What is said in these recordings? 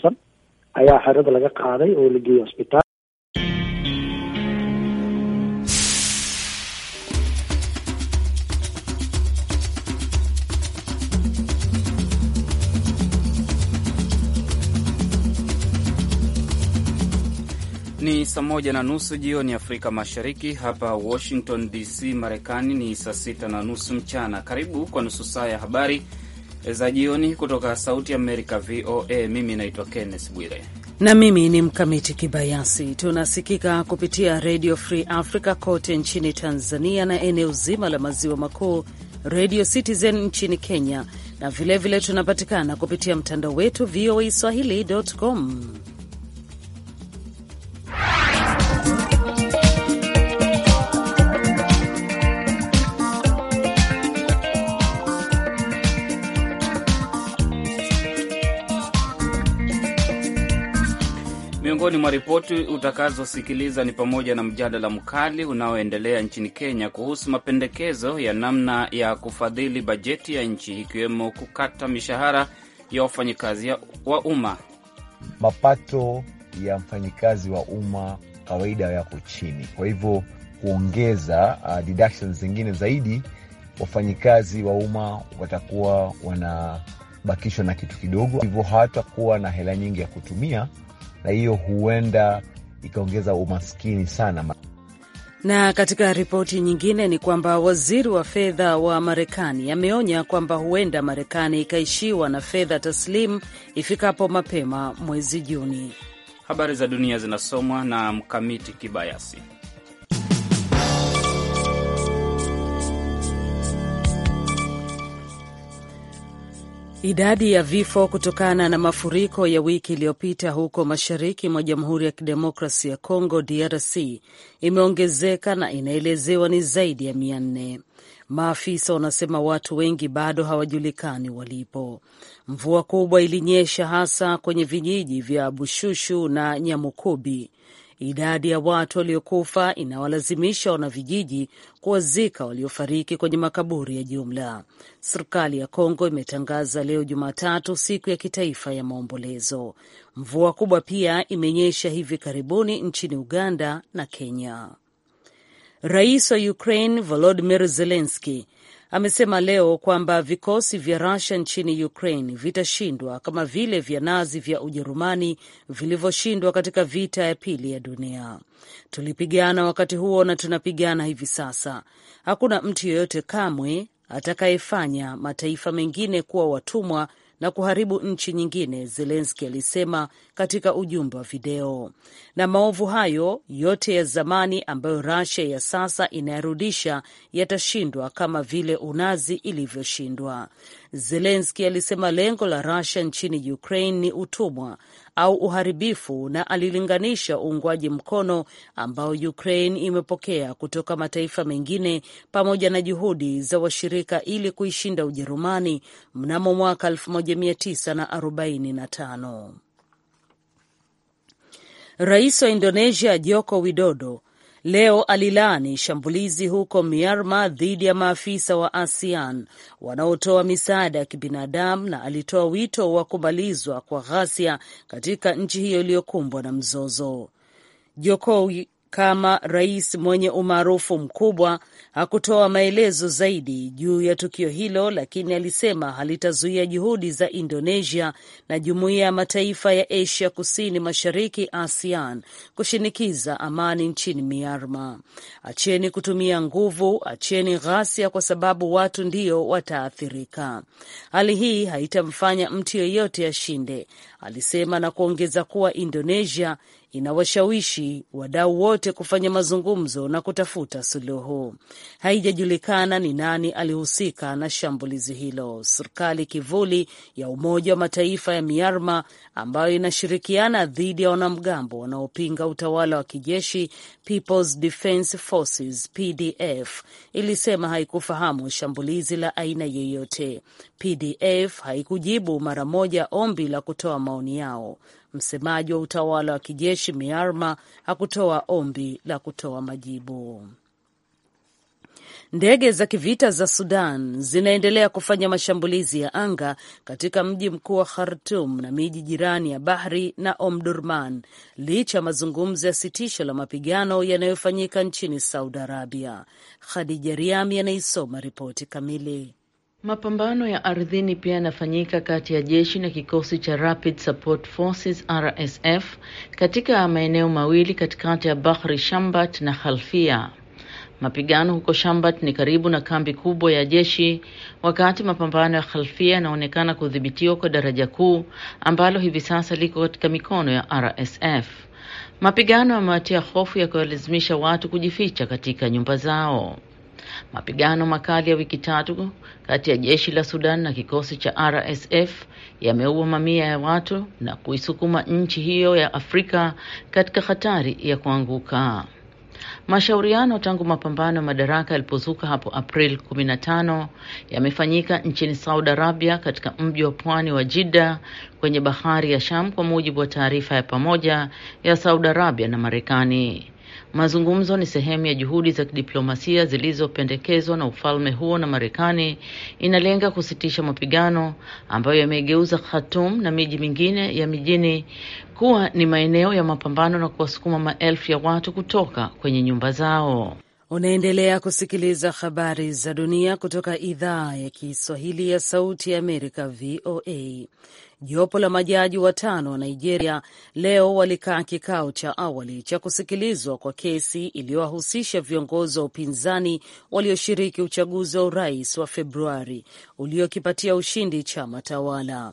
san ayaa xerada laga qaaday oo la geeyey cusbitaal Ni saa moja na nusu jioni Afrika Mashariki. Hapa Washington DC, Marekani ni saa sita na nusu mchana. Karibu kwa nusu saa ya habari za jioni kutoka Sauti Amerika, VOA. Mimi naitwa Kenneth Bwire na mimi ni Mkamiti Kibayasi. Tunasikika kupitia Redio Free Africa kote nchini Tanzania na eneo zima la maziwa makuu, Redio Citizen nchini Kenya, na vilevile tunapatikana kupitia mtandao wetu VOA swahili.com. Miongoni mwa ripoti utakazosikiliza ni pamoja na mjadala mkali unaoendelea nchini Kenya kuhusu mapendekezo ya namna ya kufadhili bajeti ya nchi ikiwemo kukata mishahara ya wafanyikazi wa umma. Mapato ya mfanyikazi wa umma kawaida yako chini, kwa hivyo kuongeza uh, deductions zingine zaidi, wafanyikazi wa umma watakuwa wanabakishwa na kitu kidogo, hivyo hawatakuwa na hela nyingi ya kutumia na hiyo huenda ikaongeza umaskini sana. Na katika ripoti nyingine ni kwamba waziri wa fedha wa Marekani ameonya kwamba huenda Marekani ikaishiwa na fedha taslimu ifikapo mapema mwezi Juni. Habari za dunia zinasomwa na Mkamiti Kibayasi. Idadi ya vifo kutokana na mafuriko ya wiki iliyopita huko mashariki mwa Jamhuri ya Kidemokrasi ya congo DRC imeongezeka na inaelezewa ni zaidi ya mia nne. Maafisa wanasema watu wengi bado hawajulikani walipo. Mvua kubwa ilinyesha hasa kwenye vijiji vya Bushushu na Nyamukubi. Idadi ya watu waliokufa inawalazimisha wanavijiji kuwazika waliofariki kwenye makaburi ya jumla. Serikali ya Kongo imetangaza leo Jumatatu siku ya kitaifa ya maombolezo. Mvua kubwa pia imenyesha hivi karibuni nchini Uganda na Kenya. Rais wa Ukraine volodimir zelenski amesema leo kwamba vikosi vya Rusia nchini Ukraine vitashindwa kama vile vya Nazi vya Ujerumani vilivyoshindwa katika vita ya pili ya dunia. Tulipigana wakati huo na tunapigana hivi sasa. Hakuna mtu yeyote kamwe atakayefanya mataifa mengine kuwa watumwa na kuharibu nchi nyingine, Zelenski alisema katika ujumbe wa video. Na maovu hayo yote ya zamani ambayo Rasia ya sasa inayarudisha yatashindwa kama vile Unazi ilivyoshindwa. Zelenski alisema lengo la Rasia nchini Ukraine ni utumwa au uharibifu, na alilinganisha uungwaji mkono ambao Ukraine imepokea kutoka mataifa mengine pamoja na juhudi za washirika ili kuishinda Ujerumani mnamo mwaka 1945. Rais wa Indonesia Joko Widodo leo alilaani shambulizi huko Myanmar dhidi ya maafisa wa ASEAN wanaotoa misaada ya kibinadamu na alitoa wito wa kumalizwa kwa ghasia katika nchi hiyo iliyokumbwa na mzozo. Jokowi kama rais mwenye umaarufu mkubwa hakutoa maelezo zaidi juu ya tukio hilo, lakini alisema halitazuia juhudi za Indonesia na Jumuiya ya Mataifa ya Asia Kusini Mashariki, ASEAN, kushinikiza amani nchini Myanmar. Acheni kutumia nguvu, acheni ghasia, kwa sababu watu ndio wataathirika. Hali hii haitamfanya mtu yeyote ashinde, alisema na kuongeza kuwa Indonesia inawashawishi wadau wote kufanya mazungumzo na kutafuta suluhu. Haijajulikana ni nani alihusika na shambulizi hilo. Serikali kivuli ya Umoja wa Mataifa ya Myanmar ambayo inashirikiana dhidi ya wanamgambo wanaopinga utawala wa kijeshi People's Forces PDF ilisema haikufahamu shambulizi la aina yoyote. PDF haikujibu mara moja ombi la kutoa maoni yao. Msemaji wa utawala wa kijeshi Myanmar hakutoa ombi la kutoa majibu. Ndege za kivita za Sudan zinaendelea kufanya mashambulizi ya anga katika mji mkuu wa Khartum na miji jirani ya Bahri na Omdurman licha ya mazungumzo ya sitisho la mapigano yanayofanyika nchini Saudi Arabia. Khadija Riami anaisoma ripoti kamili. Mapambano ya ardhini pia yanafanyika kati ya jeshi na kikosi cha Rapid Support Forces RSF katika maeneo mawili katikati ya Bahri Shambat na Khalfia. Mapigano huko Shambat ni karibu na kambi kubwa ya jeshi, wakati mapambano ya Khalfia yanaonekana kudhibitiwa kwa daraja kuu ambalo hivi sasa liko katika mikono ya RSF. Mapigano yamewatia hofu ya kuwalazimisha watu kujificha katika nyumba zao. Mapigano makali ya wiki tatu kati ya jeshi la Sudan na kikosi cha RSF yameua mamia ya watu na kuisukuma nchi hiyo ya Afrika katika hatari ya kuanguka. Mashauriano tangu mapambano ya madaraka yalipozuka hapo April 15 yamefanyika nchini Saudi Arabia katika mji wa pwani wa Jeddah kwenye bahari ya Sham kwa mujibu wa taarifa ya pamoja ya Saudi Arabia na Marekani. Mazungumzo ni sehemu ya juhudi za kidiplomasia zilizopendekezwa na ufalme huo na Marekani, inalenga kusitisha mapigano ambayo yameigeuza Khartoum na miji mingine ya mijini kuwa ni maeneo ya mapambano na kuwasukuma maelfu ya watu kutoka kwenye nyumba zao. Unaendelea kusikiliza habari za dunia kutoka idhaa ya Kiswahili ya Sauti ya Amerika, VOA. Jopo la majaji watano wa Nigeria leo walikaa kikao cha awali cha kusikilizwa kwa kesi iliyowahusisha viongozi wa upinzani walioshiriki uchaguzi wa urais wa Februari uliokipatia ushindi chama tawala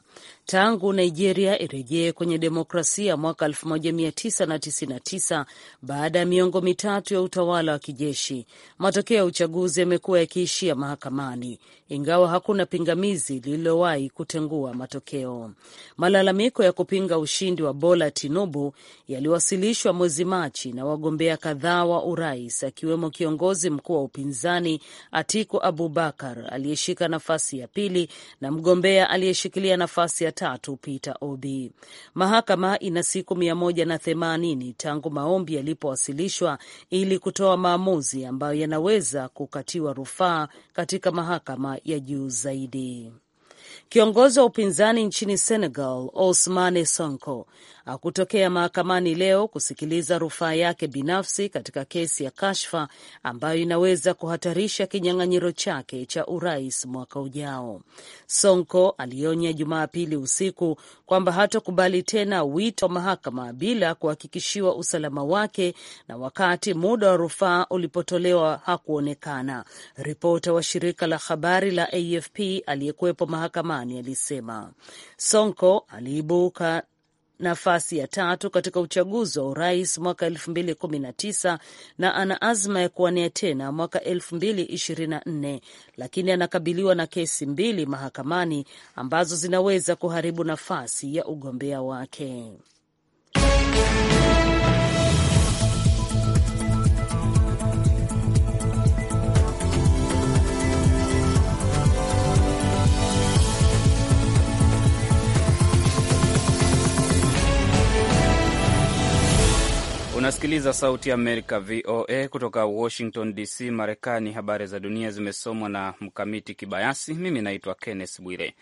tangu Nigeria irejee kwenye demokrasia mwaka 1999 baada ya miongo mitatu ya utawala wa kijeshi. Matokeo ya uchaguzi yamekuwa yakiishia mahakamani, ingawa hakuna pingamizi lililowahi kutengua matokeo. Malalamiko ya kupinga ushindi wa Bola Tinubu yaliwasilishwa mwezi Machi na wagombea kadhaa wa urais, akiwemo kiongozi mkuu wa upinzani Atiku Abubakar aliyeshika nafasi ya pili na mgombea aliyeshikilia nafasi ya tatu Peter Obi. Mahakama ina siku mia moja na themanini tangu maombi yalipowasilishwa ili kutoa maamuzi ambayo yanaweza kukatiwa rufaa katika mahakama ya juu zaidi. Kiongozi wa upinzani nchini Senegal, Ousmane Sonko, hakutokea mahakamani leo kusikiliza rufaa yake binafsi katika kesi ya kashfa ambayo inaweza kuhatarisha kinyang'anyiro chake cha urais mwaka ujao. Sonko alionya Jumapili usiku kwamba hatokubali tena wito wa mahakama bila kuhakikishiwa usalama wake, na wakati muda wa rufaa ulipotolewa hakuonekana. Ripota wa shirika la habari la AFP aliyekuwepo mahakamani Marekani alisema. Sonko aliibuka nafasi ya tatu katika uchaguzi wa urais mwaka elfu mbili kumi na tisa na ana azma ya kuwania tena mwaka elfu mbili ishirini na nne lakini anakabiliwa na kesi mbili mahakamani ambazo zinaweza kuharibu nafasi ya ugombea wake. Unasikiliza Sauti ya Amerika, VOA, kutoka Washington DC, Marekani. Habari za dunia zimesomwa na Mkamiti Kibayasi. Mimi naitwa Kenneth Bwire.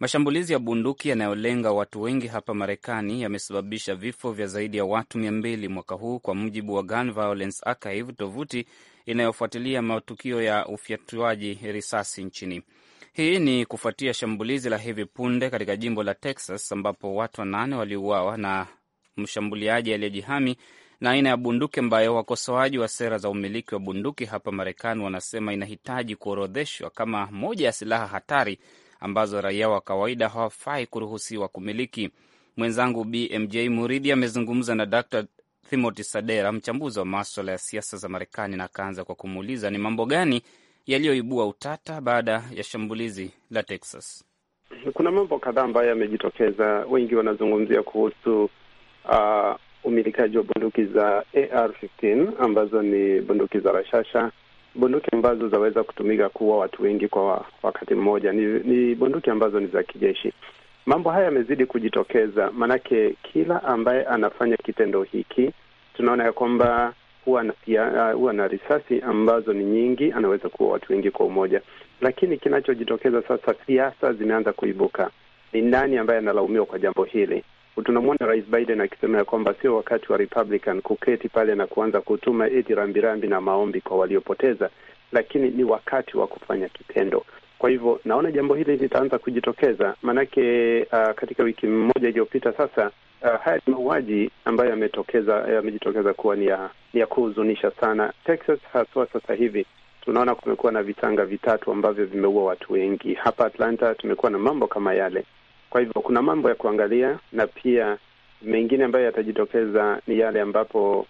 Mashambulizi ya bunduki yanayolenga watu wengi hapa Marekani yamesababisha vifo vya zaidi ya watu mia mwaka huu, kwa mujibu wa Gun Violence Archive, tovuti inayofuatilia matukio ya ufyatuaji risasi nchini. Hii ni kufuatia shambulizi la hivi punde katika jimbo la Texas ambapo watu wanane waliuawa na mshambuliaji aliyejihami na aina ya bunduki ambayo wakosoaji wa sera za umiliki wa bunduki hapa Marekani wanasema inahitaji kuorodheshwa kama moja ya silaha hatari ambazo raia wa kawaida hawafai kuruhusiwa kumiliki. Mwenzangu BMJ Muridhi amezungumza na Dr Timothy Sadera, mchambuzi wa maswala ya siasa za Marekani, na akaanza kwa kumuuliza ni mambo gani yaliyoibua utata baada ya shambulizi la Texas. Kuna mambo kadhaa ambayo yamejitokeza. Wengi wanazungumzia kuhusu uh, umilikaji wa bunduki za AR-15 ambazo ni bunduki za rashasha, bunduki ambazo zaweza kutumika kuua watu wengi kwa wakati mmoja. Ni, ni bunduki ambazo ni za kijeshi. Mambo haya yamezidi kujitokeza, maanake kila ambaye anafanya kitendo hiki tunaona ya kwamba huwa na pia uh, huwa na risasi ambazo ni nyingi, anaweza kuwa watu wengi kwa umoja. Lakini kinachojitokeza sasa, siasa zimeanza kuibuka. Ni nani ambaye analaumiwa kwa jambo hili? tunamwona Rais Biden akisema ya kwamba sio wakati wa Republican kuketi pale na kuanza kutuma eti rambirambi na maombi kwa waliopoteza, lakini ni wakati wa kufanya kitendo. Kwa hivyo naona jambo hili litaanza kujitokeza, maanake uh, katika wiki moja iliyopita sasa uh, haya ni mauaji ambayo yametokeza yamejitokeza kuwa ni ya, ni ya kuhuzunisha sana Texas, haswa sasa hivi tunaona kumekuwa na vitanga vitatu ambavyo vimeua watu wengi. Hapa Atlanta tumekuwa na mambo kama yale kwa hivyo kuna mambo ya kuangalia, na pia mengine ambayo yatajitokeza ni yale ambapo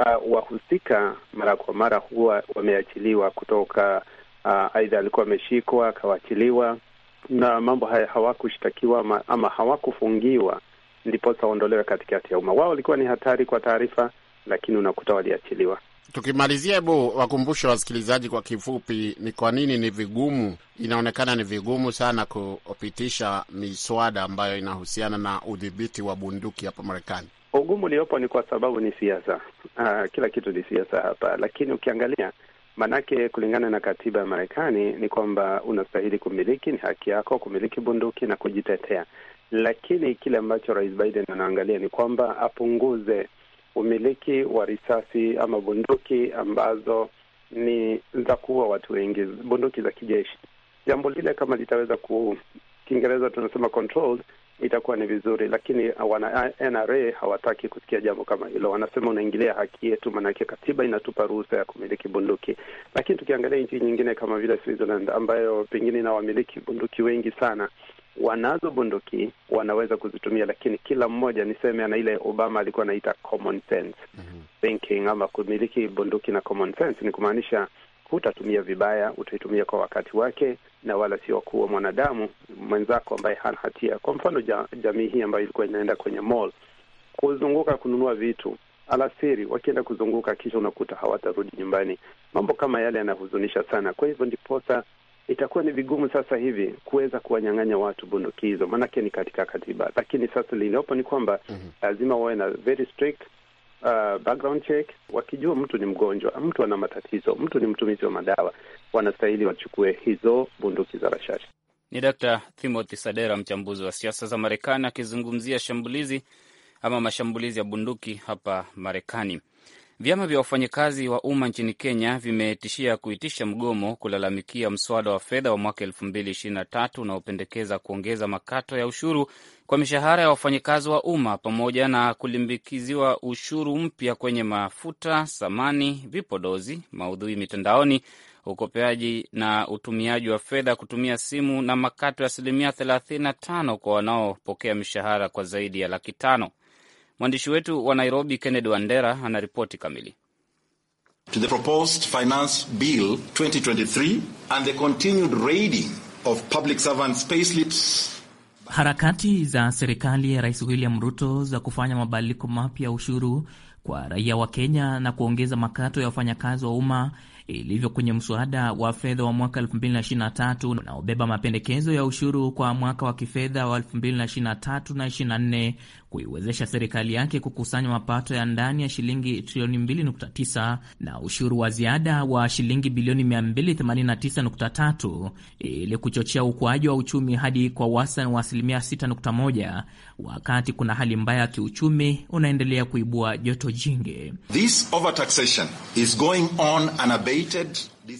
uh, wahusika mara kwa mara huwa wameachiliwa kutoka uh, aidha alikuwa ameshikwa akawachiliwa na mambo haya, hawakushtakiwa ama, ama hawakufungiwa ndiposa waondolewe katikati ya umma. Wao walikuwa ni hatari kwa taarifa, lakini unakuta waliachiliwa. Tukimalizia, hebu wakumbushe wasikilizaji kwa kifupi, ni kwa nini ni vigumu, inaonekana ni vigumu sana kupitisha miswada ambayo inahusiana na udhibiti wa bunduki hapa Marekani. Ugumu uliopo ni kwa sababu ni siasa. Uh, kila kitu ni siasa hapa, lakini ukiangalia Manake kulingana na katiba ya Marekani ni kwamba unastahili kumiliki, ni haki yako kumiliki bunduki na kujitetea. Lakini kile ambacho Rais Biden anaangalia ni kwamba apunguze umiliki wa risasi ama bunduki ambazo ni za kuua watu wengi, bunduki za kijeshi. Jambo lile kama litaweza ku Kiingereza tunasema controlled, itakuwa ni vizuri, lakini wana NRA hawataki kusikia jambo kama hilo. Wanasema unaingilia haki yetu, maanake katiba inatupa ruhusa ya kumiliki bunduki. Lakini tukiangalia nchi nyingine kama vile Switzerland ambayo pengine ina wamiliki bunduki wengi sana, wanazo bunduki, wanaweza kuzitumia, lakini kila mmoja niseme ana ile Obama alikuwa anaita common sense mhm. thinking ama kumiliki bunduki na common sense ni kumaanisha hutatumia vibaya, utaitumia kwa wakati wake na wala sio kuwa mwanadamu mwenzako ambaye hana hatia. Kwa mfano ja, jamii hii ambayo ilikuwa inaenda kwenye mall kuzunguka kununua vitu alasiri, wakienda kuzunguka, kisha unakuta hawatarudi nyumbani. Mambo kama yale yanahuzunisha sana. Kwa hivyo ndiposa itakuwa ni vigumu sasa hivi kuweza kuwanyang'anya watu bunduki hizo, maanake ni katika katiba. Lakini sasa liliopo ni kwamba mhm. lazima wawe na very strict Uh, background check. Wakijua mtu ni mgonjwa, mtu ana matatizo, mtu ni mtumizi wa madawa, wanastahili wachukue hizo bunduki za rashasha. Ni Dr. Timothy Sadera, mchambuzi wa siasa za Marekani, akizungumzia shambulizi ama mashambulizi ya bunduki hapa Marekani. Vyama vya wafanyakazi wa umma nchini Kenya vimetishia kuitisha mgomo kulalamikia mswada wa fedha wa mwaka tatu unaopendekeza kuongeza makato ya ushuru kwa mishahara ya wafanyakazi wa umma pamoja na kulimbikiziwa ushuru mpya kwenye mafuta, samani, vipodozi, maudhui mitandaoni, ukopeaji na utumiaji wa fedha kutumia simu na makato ya asilimia tano kwa wanaopokea mishahara kwa zaidi ya laki tano. Mwandishi wetu wa Nairobi, Kennedy Wandera, ripoti kamili. To the proposed finance bill 2023 and the continued raiding of public payslips. Harakati za serikali ya Rais William Ruto za kufanya mabadiliko mapya ya ushuru kwa raia wa Kenya na kuongeza makato ya wafanyakazi wa umma ilivyo kwenye mswada wa fedha wa mwaka 2023 unaobeba mapendekezo ya ushuru kwa mwaka wa kifedha wa 2023 na 24 kuiwezesha serikali yake kukusanya mapato ya ndani ya shilingi trilioni 2.9 na ushuru wa ziada wa shilingi bilioni 289.3 ili kuchochea ukuaji wa uchumi hadi kwa wastani wa asilimia 6.1, wakati kuna hali mbaya ya kiuchumi unaendelea kuibua joto jingi. This overtaxation is going on unabated.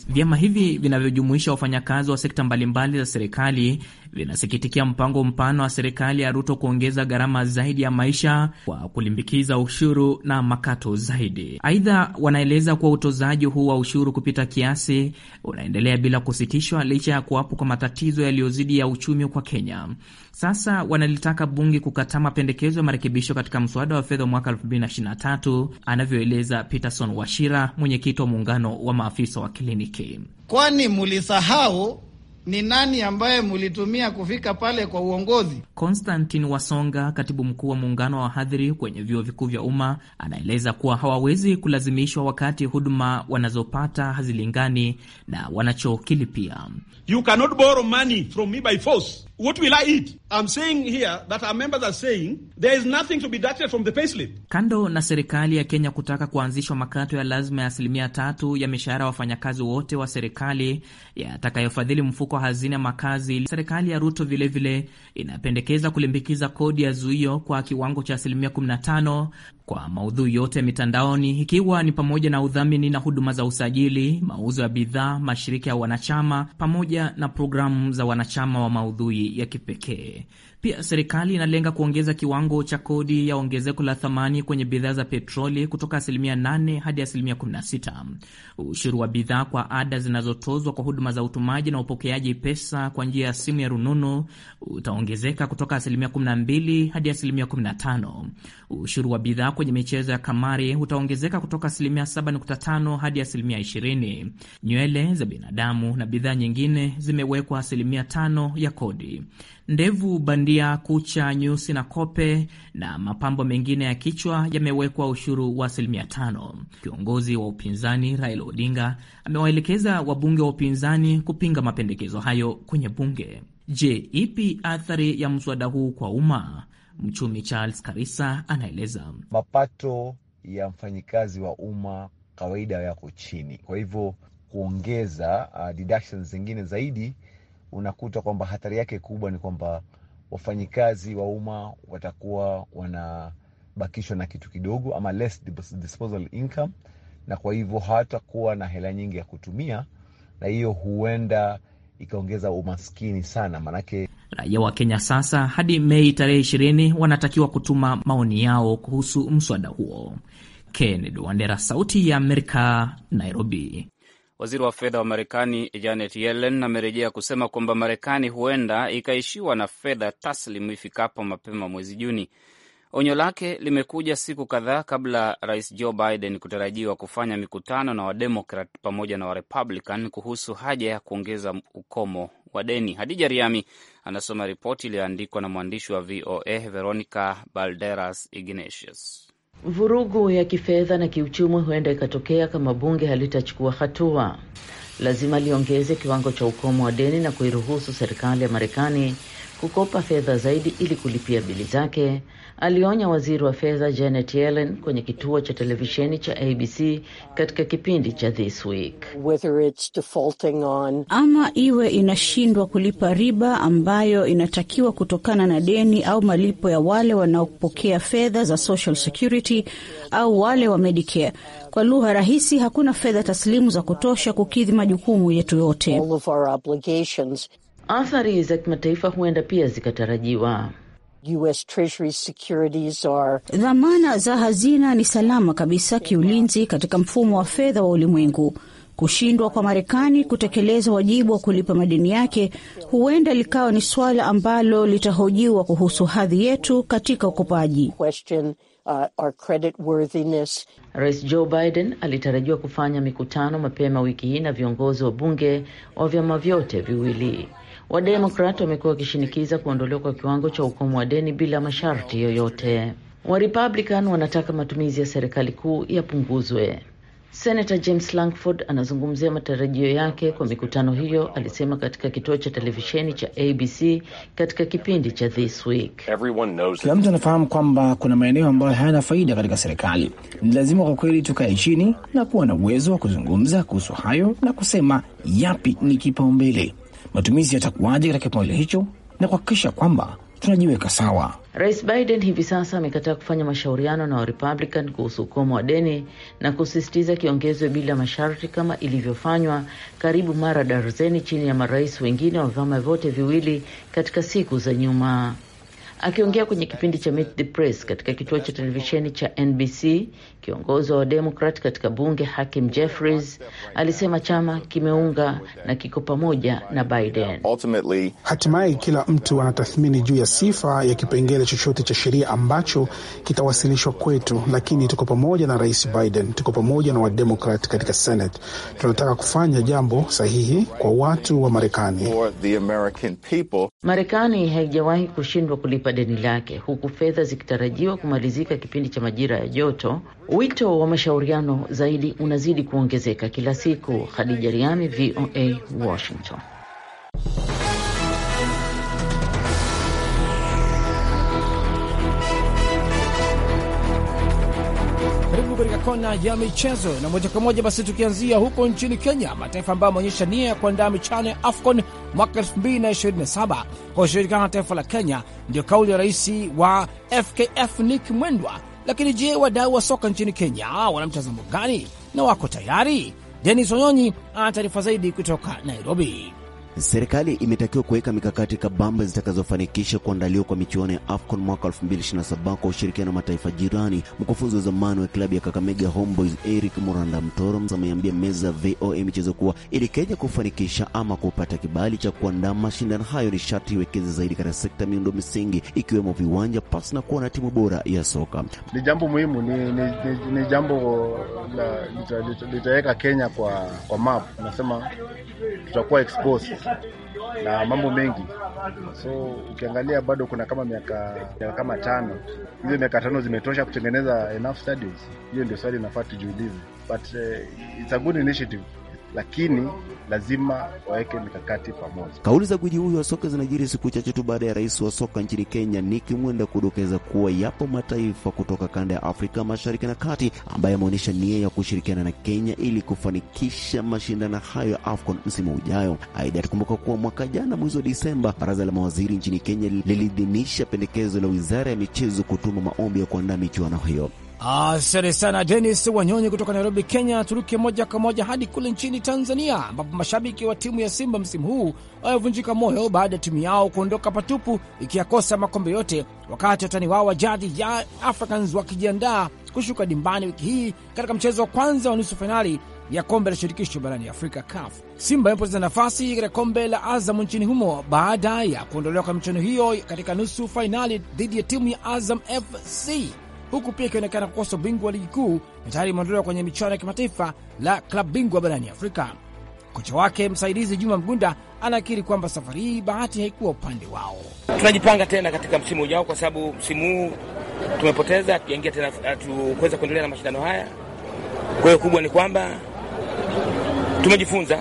Vyama hivi vinavyojumuisha wafanyakazi wa sekta mbalimbali za serikali vinasikitikia mpango mpana wa serikali ya Ruto kuongeza gharama zaidi ya maisha kwa kulimbikiza ushuru na makato zaidi. Aidha, wanaeleza kuwa utozaji huu wa ushuru kupita kiasi unaendelea bila kusitishwa licha ya kuwapo kwa matatizo yaliyozidi ya uchumi kwa Kenya. Sasa wanalitaka bunge kukataa mapendekezo ya marekebisho katika mswada wa fedha mwaka 2023, anavyoeleza Peterson Washira, mwenyekiti wa muungano wa maafisa wa kliniki. Kwani mulisahau ni nani ambaye mulitumia kufika pale kwa uongozi? Konstantin Wasonga, katibu mkuu wa muungano wa wahadhiri kwenye vyuo vikuu vya umma, anaeleza kuwa hawawezi kulazimishwa wakati huduma wanazopata hazilingani na wanachokilipia. You cannot borrow money from me by force. What will I eat? I'm saying here that our members are saying there is nothing to be deducted from the payslip. Kando na serikali ya Kenya kutaka kuanzishwa makato ya lazima ya asilimia tatu ya mishahara ya wafanyakazi wote wa serikali yatakayofadhili mfuko wa hazina ya makazi, serikali ya Ruto vilevile vile inapendekeza kulimbikiza kodi ya zuio kwa kiwango cha asilimia 15 kwa maudhui yote mitandaoni, ikiwa ni pamoja na udhamini na huduma za usajili, mauzo ya bidhaa, mashirika ya wanachama pamoja na programu za wanachama wa maudhui ya kipekee pia serikali inalenga kuongeza kiwango cha kodi ya ongezeko la thamani kwenye bidhaa za petroli kutoka asilimia 8 hadi asilimia 16. Ushuru wa bidhaa kwa ada zinazotozwa kwa huduma za utumaji na upokeaji pesa kwa njia ya simu ya rununu utaongezeka kutoka asilimia 12 hadi asilimia 15. Ushuru wa bidhaa kwenye michezo ya kamari utaongezeka kutoka asilimia 7.5 hadi asilimia 20. Nywele za binadamu na bidhaa nyingine zimewekwa asilimia 5 ya kodi. Ndevu bandia, kucha nyusi na kope na mapambo mengine ya kichwa yamewekwa ushuru wa asilimia tano. Kiongozi wa upinzani Raila Odinga amewaelekeza wabunge wa upinzani kupinga mapendekezo hayo kwenye bunge. Je, ipi athari ya mswada huu kwa umma? Mchumi Charles Karisa anaeleza. Mapato ya mfanyikazi wa umma kawaida yako chini, kwa hivyo kuongeza uh, deductions zingine zaidi unakuta kwamba hatari yake kubwa ni kwamba wafanyikazi wa umma watakuwa wanabakishwa na kitu kidogo ama less income, na kwa hivyo hawatakuwa na hela nyingi ya kutumia, na hiyo huenda ikaongeza umaskini sana, manake raia wa Kenya sasa hadi Mei tarehe ishirini wanatakiwa kutuma maoni yao kuhusu mswada huo. Kennedy Wandera, Sauti ya Amerika, Nairobi. Waziri wa fedha wa Marekani Janet Yellen amerejea kusema kwamba Marekani huenda ikaishiwa na fedha taslimu ifikapo mapema mwezi Juni. Onyo lake limekuja siku kadhaa kabla rais Joe Biden kutarajiwa kufanya mikutano na Wademokrat pamoja na Warepublican kuhusu haja ya kuongeza ukomo wa deni. Hadija Riami anasoma ripoti iliyoandikwa na mwandishi wa VOA Veronica Balderas Ignatius. Vurugu ya kifedha na kiuchumi huenda ikatokea kama bunge halitachukua hatua. Lazima liongeze kiwango cha ukomo wa deni na kuiruhusu serikali ya Marekani kukopa fedha zaidi ili kulipia bili zake, alionya waziri wa fedha Janet Yellen kwenye kituo cha televisheni cha ABC katika kipindi cha This Week. On... ama iwe inashindwa kulipa riba ambayo inatakiwa kutokana na deni au malipo ya wale wanaopokea fedha za Social Security au wale wa Medicare. Kwa lugha rahisi, hakuna fedha taslimu za kutosha kukidhi majukumu yetu yote. Athari za kimataifa huenda pia zikatarajiwa. US Treasury securities are... dhamana za hazina ni salama kabisa kiulinzi katika mfumo wa fedha wa ulimwengu. Kushindwa kwa Marekani kutekeleza wajibu wa kulipa madeni yake huenda likawa ni swala ambalo litahojiwa kuhusu hadhi yetu katika ukopaji. Uh, Rais Joe Biden alitarajiwa kufanya mikutano mapema wiki hii na viongozi wa bunge wa vyama vyote viwili. Wademokrat wamekuwa wakishinikiza kuondolewa kwa kiwango cha ukomo wa deni bila masharti yoyote. Warepublican wanataka matumizi ya serikali kuu yapunguzwe. Senator James Lankford anazungumzia matarajio yake kwa mikutano hiyo, alisema katika kituo cha televisheni cha ABC katika kipindi cha This Week. Kila mtu anafahamu kwamba kuna maeneo ambayo hayana faida katika serikali. Ni lazima kwa kweli tukae chini na kuwa na uwezo wa kuzungumza kuhusu hayo na kusema yapi ni kipaumbele matumizi yatakuwaje katika kipaumbele hicho na kuhakikisha kwamba tunajiweka sawa. Rais Biden hivi sasa amekataa kufanya mashauriano na Warepublican kuhusu ukomo wa deni na kusisitiza kiongezwe bila masharti kama ilivyofanywa karibu mara darzeni chini ya marais wengine wa vyama vyote viwili katika siku za nyuma. Akiongea kwenye kipindi cha Meet the Press katika kituo cha televisheni cha NBC, kiongozi wa wademokrat katika bunge Hakim Jeffries alisema chama kimeunga na kiko pamoja na Biden. Hatimaye kila mtu anatathmini juu ya sifa ya kipengele chochote cha sheria ambacho kitawasilishwa kwetu, lakini tuko pamoja na Rais Biden, tuko pamoja na Wademokrat katika Senate. Tunataka kufanya jambo sahihi kwa watu wa Marekani. Marekani haijawahi kushindwa kulipa kulipa deni lake, huku fedha zikitarajiwa kumalizika kipindi cha majira ya joto. Wito wa mashauriano zaidi unazidi kuongezeka kila siku. Khadija Riami, VOA, Washington. kona ya michezo na moja kwa moja basi, tukianzia huko nchini Kenya, mataifa ambayo ameonyesha nia ya kuandaa michano ya AFCON mwaka 2027 kwa ushirikiano na taifa la Kenya, ndio kauli ya rais wa FKF Nick Mwendwa. Lakini je, wadau wa soka nchini Kenya wana mtazamo gani na wako tayari? Denis Onyonyi ana taarifa zaidi kutoka Nairobi. Serikali imetakiwa kuweka mikakati kabambe zitakazofanikisha kuandaliwa kwa michuano ya AFCON mwaka 2027 kwa ushirikiano na mataifa jirani. Mkufunzi wa zamani wa klabu ya Kakamega Homeboys Eric Muranda Mtoro ameambia meza ya VOA michezo kuwa ili Kenya kufanikisha ama kupata kibali cha kuandaa mashindano hayo ni sharti iwekeze zaidi katika sekta miundo msingi ikiwemo viwanja pasi na kuwa na timu bora ya soka. Ni jambo muhimu, ni, ni, ni, ni jambo litaweka Kenya kwa, kwa map. Nasema tutakuwa exposed na mambo mengi. So ukiangalia bado kuna kama miaka kama tano, hizo miaka tano zimetosha kutengeneza enough studies. Hiyo ndio swali nafaa tujiulize, but uh, it's a good initiative lakini lazima waweke mikakati pamoja. Kauli za gwiji huyo wa soka zinajiri siku chache tu baada ya rais wa soka nchini Kenya Nick Mwenda kudokeza kuwa yapo mataifa kutoka kanda ya Afrika Mashariki na Kati ambayo yameonyesha nia ya kushirikiana na Kenya ili kufanikisha mashindano hayo ya AFCON msimu ujayo. Aidha, atakumbuka kuwa mwaka jana mwezi wa Disemba, baraza la mawaziri nchini Kenya liliidhinisha pendekezo la wizara ya michezo kutuma maombi ya kuandaa michuano hiyo. Asante sana Denis Wanyonyi kutoka Nairobi, Kenya. Turuke moja kwa moja hadi kule nchini Tanzania, ambapo mashabiki wa timu ya Simba msimu huu wamevunjika moyo baada ya timu yao kuondoka patupu ikiyakosa makombe yote, wakati watani wao wa jadi ya Africans wakijiandaa kushuka dimbani wiki hii katika mchezo wa kwanza wa nusu fainali ya kombe la shirikisho barani Afrika, CAF. Simba imepoteza nafasi katika kombe la Azam nchini humo baada ya kuondolewa kwa michuano hiyo katika nusu fainali dhidi ya timu ya Azam FC huku pia ikionekana kukosa ubingwa wa ligi kuu na tayari imeondolewa kwenye michuano ya kimataifa la klabu bingwa barani Afrika. Kocha wake msaidizi Juma Mgunda anakiri kwamba safari hii bahati haikuwa upande wao. Tunajipanga tena katika msimu ujao, kwa sababu msimu huu tumepoteza, tujaingia tena, tukuweza kuendelea na mashindano haya. Kwa hiyo kubwa ni kwamba tumejifunza,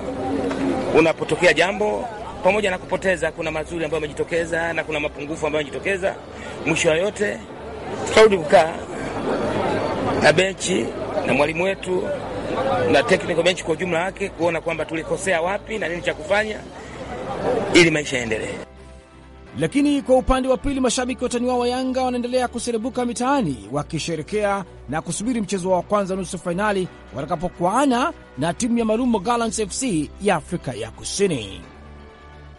unapotokea jambo pamoja na kupoteza, kuna mazuri ambayo yamejitokeza na kuna mapungufu ambayo yamejitokeza. Mwisho wa yote tukarudi kukaa na benchi na mwalimu wetu na technical benchi kwa ujumla wake, kuona kwamba tulikosea wapi na nini cha kufanya ili maisha yaendelee. Lakini kwa upande wa pili, mashabiki watani wao wa Yanga wanaendelea kuserebuka mitaani wakisherekea na kusubiri mchezo wa kwanza nusu fainali watakapokuana na timu ya Marumo Gallants FC ya Afrika ya Kusini.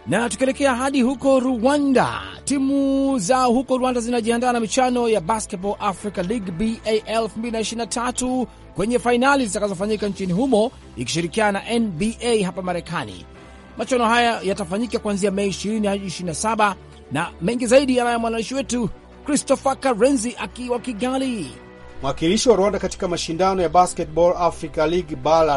Na tukielekea hadi huko Rwanda, timu za huko Rwanda zinajiandaa na michano ya Basketball Africa League BAL 2023 kwenye fainali zitakazofanyika nchini humo ikishirikiana na NBA hapa Marekani. Machano haya yatafanyika kuanzia Mei 20 hadi 27, na mengi zaidi yanayo mwandishi wetu Christopher Karenzi akiwa Kigali. Mwakilishi wa Rwanda katika mashindano ya Basketball Africa League BAL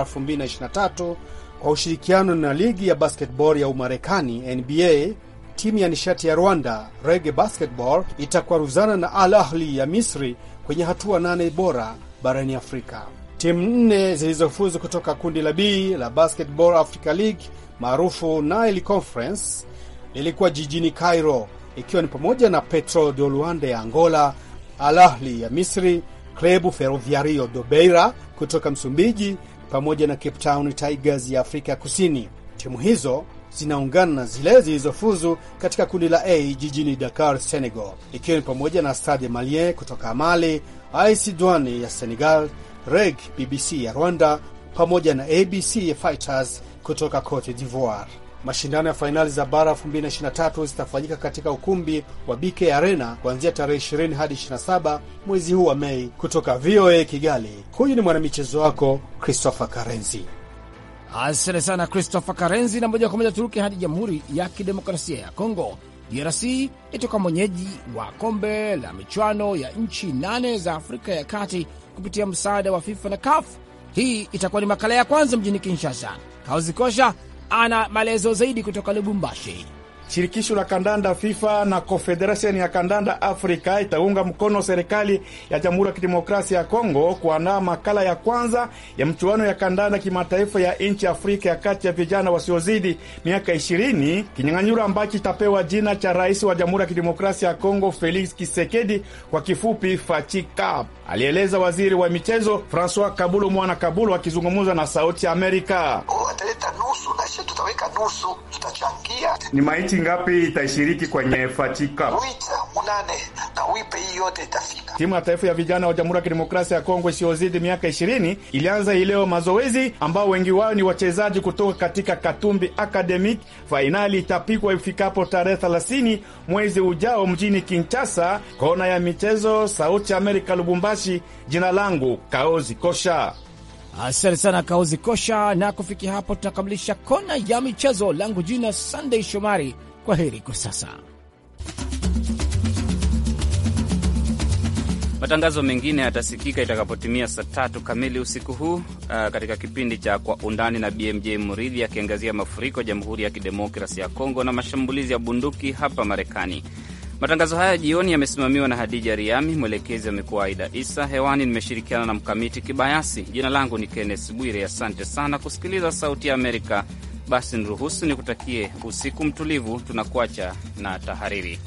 kwa ushirikiano na ligi ya basketball ya Umarekani NBA, timu ya nishati ya Rwanda Rege Basketball itakwaruzana na Al Ahli ya Misri kwenye hatua nane bora barani Afrika. Timu nne zilizofuzu kutoka kundi la B la Basketball Africa League maarufu Nile Conference lilikuwa jijini Cairo, ikiwa ni pamoja na Petro de Luanda ya Angola, Al Ahli ya Misri, Klebu Ferroviario do Beira kutoka Msumbiji pamoja na Cape Town Tigers ya Afrika Kusini. Timu hizo zinaungana na zile zilizofuzu katika kundi la A jijini Dakar, Senegal, ikiwa ni pamoja na Stade Malien kutoka Mali, AS Douanes ya Senegal, REG BBC ya Rwanda pamoja na ABC ya Fighters kutoka Cote d'Ivoire. Mashindano ya fainali za bara 2023 zitafanyika katika ukumbi wa BK Arena kuanzia tarehe 20 hadi 27 mwezi huu wa Mei. Kutoka VOA Kigali, huyu ni mwanamichezo wako Christopher Karenzi. Asante sana Christopher Karenzi. Na moja kwa moja turuke hadi Jamhuri ya Kidemokrasia ya Kongo, DRC itoka mwenyeji wa kombe la michuano ya nchi nane za Afrika ya Kati kupitia msaada wa FIFA na CAF. Hii itakuwa ni makala ya kwanza mjini Kinshasa. Kauzikosha ana maelezo zaidi kutoka Lubumbashi. Shirikisho la kandanda FIFA na Confederation ya kandanda Afrika itaunga mkono serikali ya Jamhuri ya Kidemokrasia ya Kongo kuandaa makala ya kwanza ya mchuano ya kandanda kimataifa ya nchi Afrika ya kati ya vijana wasiozidi miaka 20, kinyang'anyiro ambacho itapewa jina cha rais wa Jamhuri ya Kidemokrasia ya Kongo Felix Tshisekedi, kwa kifupi Fachi Cup, alieleza waziri wa michezo Francois Kabulu Mwana Kabulu akizungumza na Sauti ya Amerika. Wataleta nusu na sisi tutaweka nusu, tutachangia ni maiti ngapi itashiriki kwenye na hii itafika. Timu ya taifa ya vijana wa Jamhuri ya Kidemokrasia ya Kongo isiyozidi miaka ishirini ilianza hii leo mazoezi ambao wengi wao ni wachezaji kutoka katika Katumbi Academic. Fainali itapigwa ifikapo tarehe 30 mwezi ujao mjini Kinshasa. Kona ya michezo, Sauti Amerika, Lubumbashi. Jina langu Kaozi Kosha. Asante sana Kaozi Kosha, na kufikia hapo tunakamilisha kona ya michezo. Langu jina Sunday Shomari. Kwa heri kwa sasa. Matangazo mengine yatasikika itakapotimia saa tatu kamili usiku huu uh, katika kipindi cha Kwa Undani na BMJ Muridhi akiangazia mafuriko Jamhuri ya Kidemokrasi ya Kongo na mashambulizi ya bunduki hapa Marekani. Matangazo haya jioni yamesimamiwa na Hadija Riami, mwelekezi amekuwa Aida Isa. Hewani nimeshirikiana na Mkamiti Kibayasi. Jina langu ni kennes Bwire, asante sana kusikiliza Sauti ya Amerika. Basi niruhusu nikutakie usiku mtulivu. Tunakuacha na tahariri.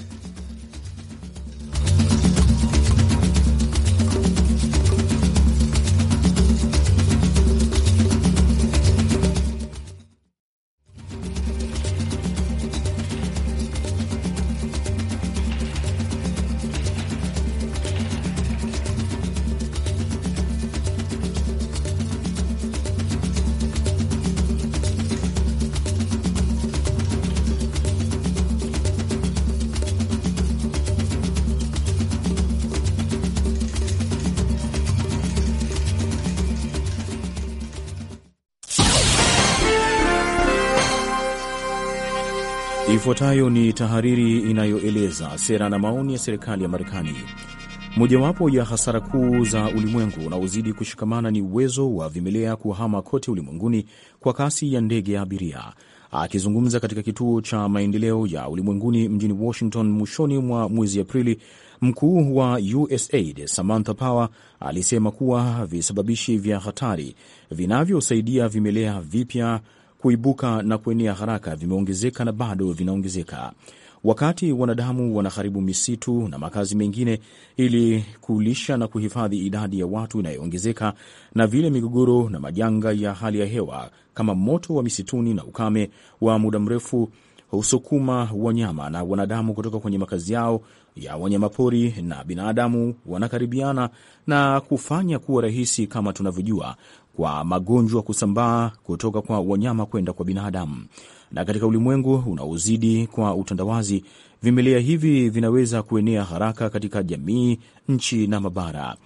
Ifuatayo ni tahariri inayoeleza sera na maoni ya serikali ya Marekani. Mojawapo ya hasara kuu za ulimwengu unaozidi kushikamana ni uwezo wa vimelea kuhama kote ulimwenguni kwa kasi ya ndege ya abiria. Akizungumza katika kituo cha maendeleo ya ulimwenguni mjini Washington mwishoni mwa mwezi Aprili, mkuu wa USAID Samantha Power alisema kuwa visababishi vya hatari vinavyosaidia vimelea vipya kuibuka na kuenea haraka vimeongezeka na bado vinaongezeka. Wakati wanadamu wanaharibu misitu na makazi mengine ili kulisha na kuhifadhi idadi ya watu inayoongezeka, na vile migogoro na majanga ya hali ya hewa kama moto wa misituni na ukame wa muda mrefu husukuma wanyama na wanadamu kutoka kwenye makazi yao ya wanyamapori na binadamu wanakaribiana na kufanya kuwa rahisi, kama tunavyojua, kwa magonjwa kusambaa kutoka kwa wanyama kwenda kwa binadamu. Na katika ulimwengu unaozidi kwa utandawazi, vimelea hivi vinaweza kuenea haraka katika jamii, nchi na mabara.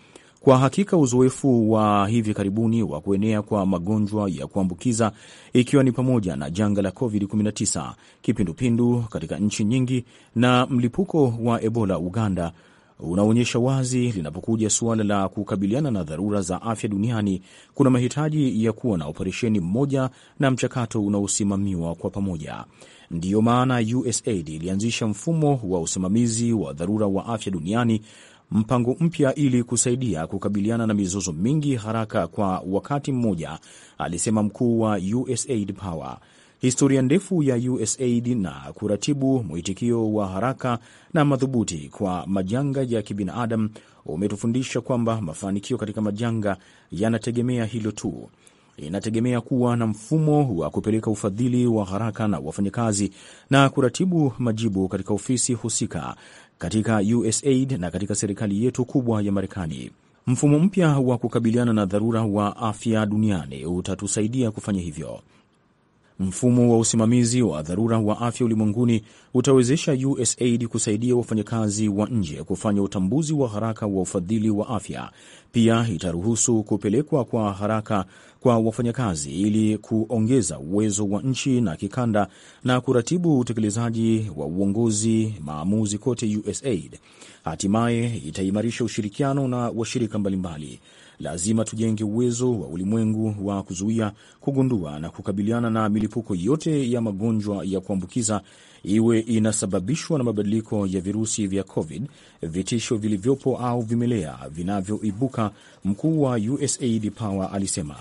Kwa hakika uzoefu wa hivi karibuni wa kuenea kwa magonjwa ya kuambukiza ikiwa ni pamoja na janga la COVID-19, kipindupindu katika nchi nyingi na mlipuko wa Ebola Uganda unaonyesha wazi, linapokuja suala la kukabiliana na dharura za afya duniani, kuna mahitaji ya kuwa na operesheni mmoja na mchakato unaosimamiwa kwa pamoja. Ndiyo maana USAID ilianzisha mfumo wa usimamizi wa dharura wa afya duniani mpango mpya ili kusaidia kukabiliana na mizozo mingi haraka kwa wakati mmoja, alisema mkuu wa USAID Power. Historia ndefu ya USAID na kuratibu mwitikio wa haraka na madhubuti kwa majanga ya kibinadamu umetufundisha kwamba mafanikio katika majanga yanategemea hilo tu. Inategemea kuwa na mfumo wa kupeleka ufadhili wa haraka na wafanyakazi na kuratibu majibu katika ofisi husika katika USAID na katika serikali yetu kubwa ya Marekani. Mfumo mpya wa kukabiliana na dharura wa afya duniani utatusaidia kufanya hivyo. Mfumo wa usimamizi wa dharura wa afya ulimwenguni utawezesha USAID kusaidia wafanyakazi wa nje kufanya utambuzi wa haraka wa ufadhili wa afya. Pia itaruhusu kupelekwa kwa haraka kwa wafanyakazi ili kuongeza uwezo wa nchi na kikanda na kuratibu utekelezaji wa uongozi maamuzi kote USAID. Hatimaye itaimarisha ushirikiano na washirika mbalimbali. Lazima tujenge uwezo wa ulimwengu wa kuzuia, kugundua na kukabiliana na milipuko yote ya magonjwa ya kuambukiza iwe inasababishwa na mabadiliko ya virusi vya COVID, vitisho vilivyopo au vimelea vinavyoibuka. Mkuu wa USAID Power alisema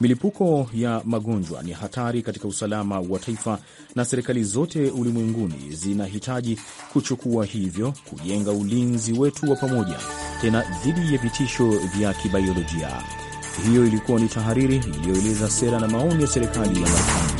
milipuko ya magonjwa ni hatari katika usalama wa taifa, na serikali zote ulimwenguni zinahitaji kuchukua hivyo kujenga ulinzi wetu wa pamoja, tena dhidi ya vitisho vya kibiolojia. Hiyo ilikuwa ni tahariri iliyoeleza sera na maoni ya serikali ya Marekani.